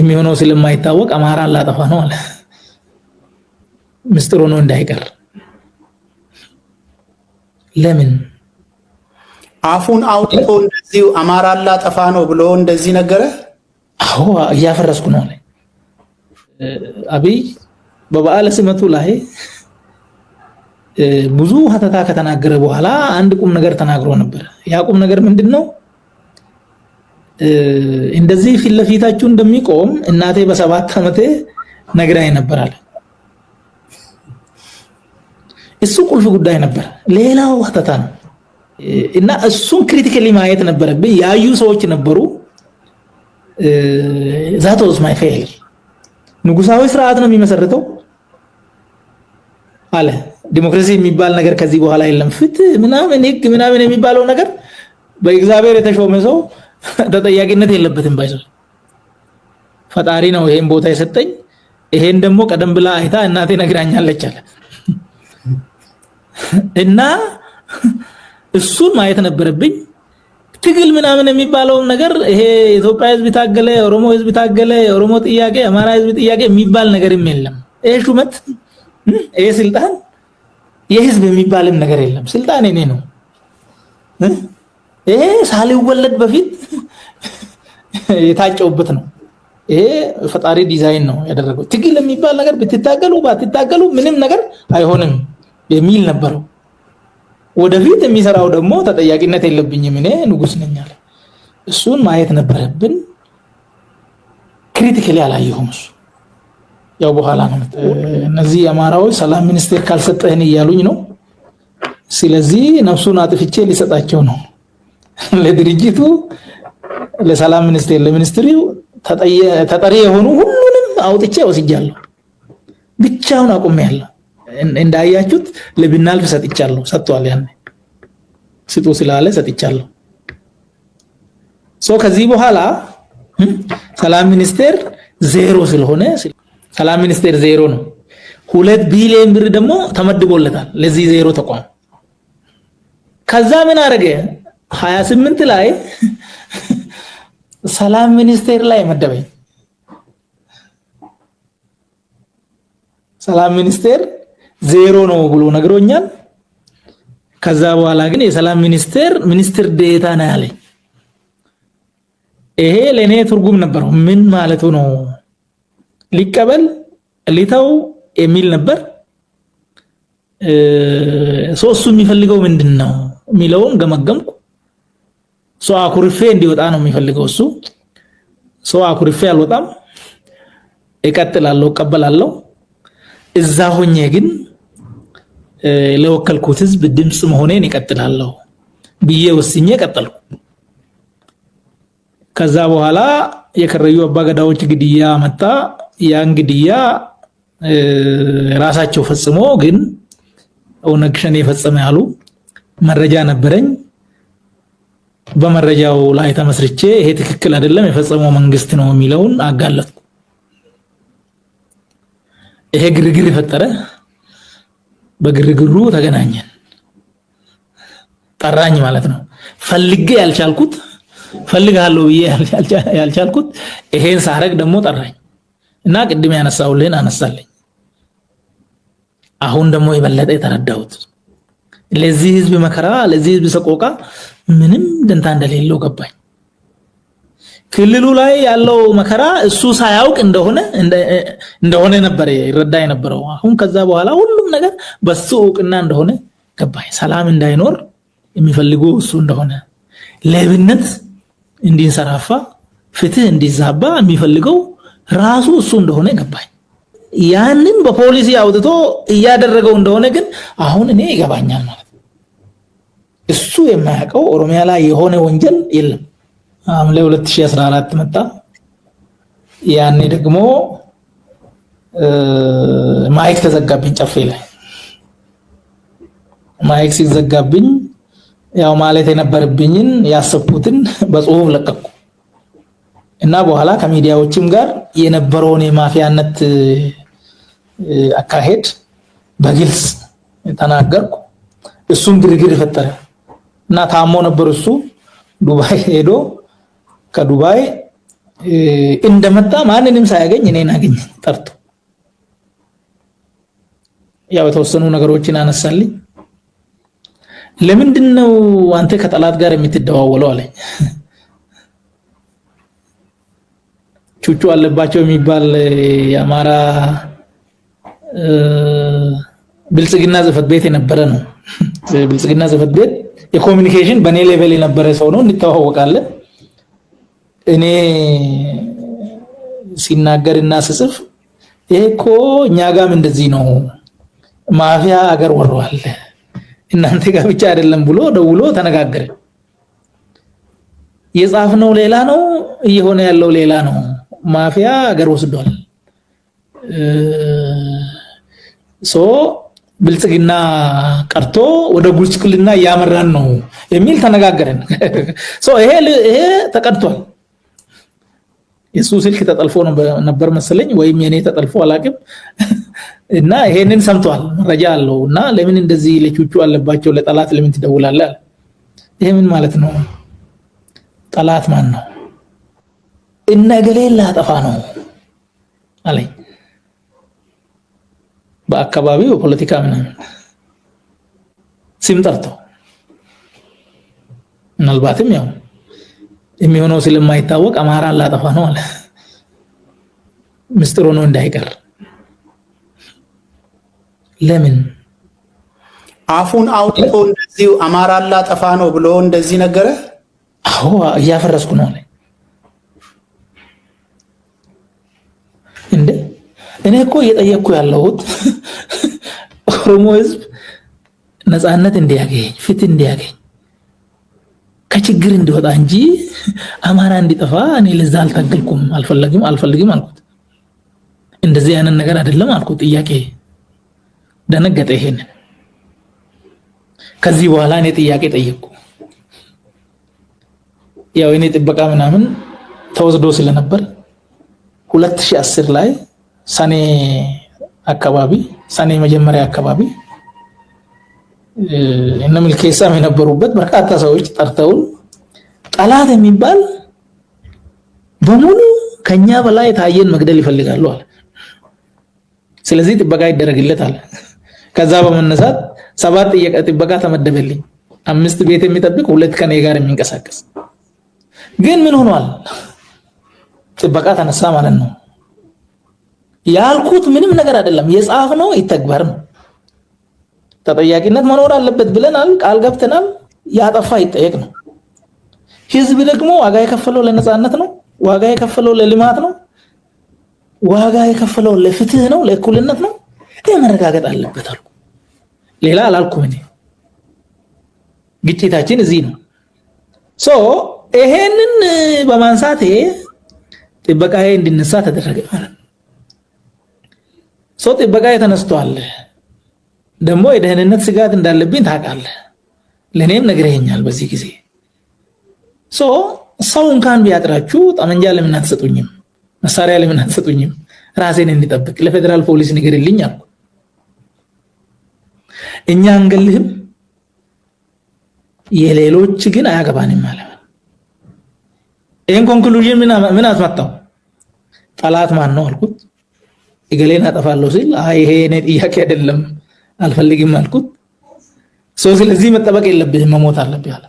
የሚሆነው ስለማይታወቅ አማራ ላጠፋ ነው አለ። ምስጥሩ ነው እንዳይቀር ለምን አፉን አውጥቶ እንደዚሁ አማራ ላጠፋ ነው ብሎ እንደዚህ ነገረ። አዎ እያፈረስኩ ነው አለ። አብይ በበዓለ ሲመቱ ላይ ብዙ ሀተታ ከተናገረ በኋላ አንድ ቁም ነገር ተናግሮ ነበር። ያ ቁም ነገር ምንድን ነው? እንደዚህ ፊት ለፊታችሁ እንደሚቆም እናቴ በሰባት ዓመቴ ነግራኝ ነበር አለ። እሱ ቁልፍ ጉዳይ ነበር። ሌላው ሀተታ ነው እና እሱን ክሪቲካሊ ማየት ነበረብኝ። ያዩ ሰዎች ነበሩ። ዛት ወዝ ማይ ፌል ንጉሳዊ ስርዓት ነው የሚመሰርተው አለ። ዲሞክራሲ የሚባል ነገር ከዚህ በኋላ የለም። ፍትህ ምናምን፣ ህግ ምናምን የሚባለው ነገር በእግዚአብሔር የተሾመ ሰው ተጠያቂነት የለበትም። ባይሰ ፈጣሪ ነው ይሄን ቦታ የሰጠኝ። ይሄን ደግሞ ቀደም ብላ አይታ እናቴ ነግራኛለች አለ እና እሱን ማየት ነበረብኝ። ትግል ምናምን የሚባለው ነገር ይሄ የኢትዮጵያ ሕዝብ ታገለ፣ የኦሮሞ ሕዝብ ታገለ፣ የኦሮሞ ጥያቄ፣ የአማራ ሕዝብ ጥያቄ የሚባል ነገርም የለም። ይሄ ሹመት፣ ይሄ ስልጣን የሕዝብ የሚባልም ነገር የለም። ስልጣን የኔ ነው። ይሄ ሳልወለድ በፊት የታጨውበት ነው። ይሄ ፈጣሪ ዲዛይን ነው ያደረገው። ትግል የሚባል ነገር ብትታገሉ ባትታገሉ ምንም ነገር አይሆንም የሚል ነበረው። ወደፊት የሚሰራው ደግሞ ተጠያቂነት የለብኝም እኔ ንጉስ ነኝ አለ። እሱን ማየት ነበረብን። ክሪቲካሊ አላየሁም። እሱ ያው በኋላ ነው እነዚህ የአማራዎች ሰላም ሚኒስቴር ካልሰጠህን እያሉኝ ነው። ስለዚህ ነፍሱን አጥፍቼ ሊሰጣቸው ነው ለድርጅቱ ለሰላም ሚኒስቴር ለሚኒስትሪው ተጠሪ የሆኑ ሁሉንም አውጥቼ ወስጃለሁ። ብቻውን አቁሜያለሁ። እንዳያችሁት ለብናልፍ ሰጥቻለሁ። ሰጥቷል። ያን ስጡ ስላለ ሰጥቻለሁ። ሶ ከዚህ በኋላ ሰላም ሚኒስቴር ዜሮ ስለሆነ ሰላም ሚኒስቴር ዜሮ ነው። ሁለት ቢሊዮን ብር ደግሞ ተመድቦለታል ለዚህ ዜሮ ተቋም። ከዛ ምን አደረገ? ሀያ ስምንት ላይ ሰላም ሚኒስቴር ላይ መደበኝ። ሰላም ሚኒስቴር ዜሮ ነው ብሎ ነግሮኛል። ከዛ በኋላ ግን የሰላም ሚኒስቴር ሚኒስትር ዴታ ነው ያለኝ። ይሄ ለእኔ ትርጉም ነበረው። ምን ማለቱ ነው? ሊቀበል ሊተው የሚል ነበር። ሶስቱ የሚፈልገው ምንድን ነው የሚለውን ገመገምኩ። ሰው አኩርፌ እንዲወጣ ነው የሚፈልገው እሱ። ሰው አኩርፌ አልወጣም፣ እቀጥላለሁ፣ እቀበላለሁ። እዛ ሆኜ ግን ለወከልኩት ህዝብ ድምፅ መሆኔን እቀጥላለሁ ብዬ ወስኜ ቀጠልኩ። ከዛ በኋላ የከረዩ አባገዳዎች ግድያ መጣ። ያን ግድያ ራሳቸው ፈጽሞ ግን ኦነግ ሸኔ የፈጸመ ያሉ መረጃ ነበረኝ። በመረጃው ላይ ተመስርቼ ይሄ ትክክል አይደለም የፈጸመው መንግስት ነው የሚለውን አጋለጥኩ። ይሄ ግርግር የፈጠረ በግርግሩ ተገናኘን፣ ጠራኝ ማለት ነው። ፈልጌ ያልቻልኩት ፈልጋለሁ ብዬ ያልቻልኩት ይሄን ሳረግ ደግሞ ጠራኝ እና ቅድም ያነሳውልን አነሳለኝ። አሁን ደግሞ የበለጠ የተረዳሁት ለዚህ ህዝብ መከራ፣ ለዚህ ህዝብ ሰቆቃ ምንም ደንታ እንደሌለው ገባኝ። ክልሉ ላይ ያለው መከራ እሱ ሳያውቅ እንደሆነ እንደሆነ ነበር ይረዳ የነበረው። አሁን ከዛ በኋላ ሁሉም ነገር በሱ እውቅና እንደሆነ ገባኝ። ሰላም እንዳይኖር የሚፈልጉ እሱ እንደሆነ፣ ሌብነት እንዲንሰራፋ፣ ፍትህ እንዲዛባ የሚፈልገው ራሱ እሱ እንደሆነ ገባኝ። ያንን በፖሊሲ አውጥቶ እያደረገው እንደሆነ ግን አሁን እኔ ይገባኛል ማለት እሱ የማያውቀው ኦሮሚያ ላይ የሆነ ወንጀል የለም። ሐምሌ 2014 መጣ። ያኔ ደግሞ ማይክ ተዘጋብኝ፣ ጨፌ ላይ ማይክ ሲዘጋብኝ ያው ማለት የነበረብኝን ያሰብኩትን በጽሁፍ ለቀቅኩ። እና በኋላ ከሚዲያዎችም ጋር የነበረውን የማፊያነት አካሄድ በግልጽ ተናገርኩ። እሱም ግርግር ፈጠረ እና ታሞ ነበር። እሱ ዱባይ ሄዶ ከዱባይ እንደመጣ ማንንም ሳያገኝ እኔን አገኝ ጠርቶ። ያው የተወሰኑ ነገሮችን አነሳልኝ። ለምንድን ነው አንተ ከጠላት ጋር የምትደዋወለው አለኝ። ቹቹ አለባቸው የሚባል የአማራ ብልጽግና ጽህፈት ቤት የነበረ ነው። ብልጽግና ጽህፈት ቤት የኮሚኒኬሽን በእኔ ሌቨል የነበረ ሰው ነው፣ እንተዋወቃለን። እኔ ሲናገር እና ስጽፍ ይሄ እኮ እኛ ጋም እንደዚህ ነው፣ ማፊያ አገር ወረዋል፣ እናንተ ጋር ብቻ አይደለም ብሎ ደውሎ ተነጋገረ። የጻፍነው ሌላ ነው፣ እየሆነ ያለው ሌላ ነው። ማፊያ ሀገር ወስዷል። ሶ ብልጽግና ቀርቶ ወደ ጉስቁልና እያመራን ነው የሚል ተነጋገረን። ይሄ ተቀድቷል። የሱ ስልክ ተጠልፎ ነበር መሰለኝ ወይም የኔ ተጠልፎ አላቅም። እና ይሄንን ሰምተዋል፣ መረጃ አለው። እና ለምን እንደዚህ ለቹቹ አለባቸው ለጠላት ለምን ትደውላለ? ይሄ ምን ማለት ነው? ጠላት ማን ነው? እነ እገሌን ላጠፋ ነው አለኝ። በአካባቢው ፖለቲካ ምናምን ስም ጠርቶ ምናልባትም ያው የሚሆነው ስለማይታወቅ አማራን ላጠፋ ነው አለ። ምስጢር ሆኖ እንዳይቀር ለምን አፉን አውጥቶ እንደዚሁ አማራን ላጠፋ ነው ብሎ እንደዚህ ነገረ። አዎ እያፈረስኩ ነው አለ። እኔ እኮ እየጠየቅኩ ያለሁት ኦሮሞ ህዝብ ነፃነት እንዲያገኝ ፍትህ እንዲያገኝ ከችግር እንዲወጣ እንጂ አማራ እንዲጠፋ እኔ ለዛ አልታገልኩም። አልፈለግም አልፈልግም አልኩት። እንደዚህ አይነት ነገር አይደለም አልኩት። ጥያቄ ደነገጠ። ይሄን ከዚህ በኋላ እኔ ጥያቄ ጠየቅኩ። ያው እኔ ጥበቃ ምናምን ተወስዶ ስለነበር 2010 ላይ ሰኔ አካባቢ ሰኔ መጀመሪያ አካባቢ እነ ሚልኬሳም የነበሩበት በርካታ ሰዎች ጠርተውን ጠላት የሚባል በሙሉ ከኛ በላይ ታየን መግደል ይፈልጋሉ አለ። ስለዚህ ጥበቃ ይደረግለት አለ። ከዛ በመነሳት ሰባት ጥበቃ ተመደበልኝ። አምስት ቤት የሚጠብቅ ሁለት ከኔ ጋር የሚንቀሳቀስ ግን ምን ሆኗል? ጥበቃ ተነሳ ማለት ነው። ያልኩት ምንም ነገር አይደለም። የጻፍ ነው ይተግበር ነው። ተጠያቂነት መኖር አለበት ብለናል፣ ቃል ገብተናል። ያጠፋ ይጠየቅ ነው። ህዝብ ደግሞ ዋጋ የከፈለው ለነፃነት ነው። ዋጋ የከፈለው ለልማት ነው። ዋጋ የከፈለው ለፍትህ ነው፣ ለእኩልነት ነው። ይህ መረጋገጥ አለበት አልኩ። ሌላ አላልኩም። እኔ ግጭታችን እዚህ ነው። ሶ ይሄንን በማንሳቴ ጥበቃዬ እንዲነሳ ተደረገ ማለት ነው። ሰው ጥበቃ ተነስቷል። ደግሞ የደህንነት ስጋት እንዳለብኝ ታውቃለህ፣ ለእኔም ነግረኸኛል። በዚህ ጊዜ ሰው እንኳን ቢያጥራችሁ ጠመንጃ ለምን አትሰጡኝም? መሳሪያ ለምን አትሰጡኝም? ራሴን እንዲጠብቅ ለፌዴራል ፖሊስ ንገርልኝ አልኩ። እኛ አንገልህም፣ የሌሎች ግን አያገባንም አለ። ይህን ኮንክሉዥን ምን አስመጣው? ጠላት ማን ነው አልኩት። እገሌን አጠፋለሁ ሲል አይ ይሄ የኔ ጥያቄ አይደለም አልፈልግም አልኩት። ስለዚህ መጠበቅ የለብህም መሞት አለብህ አለ።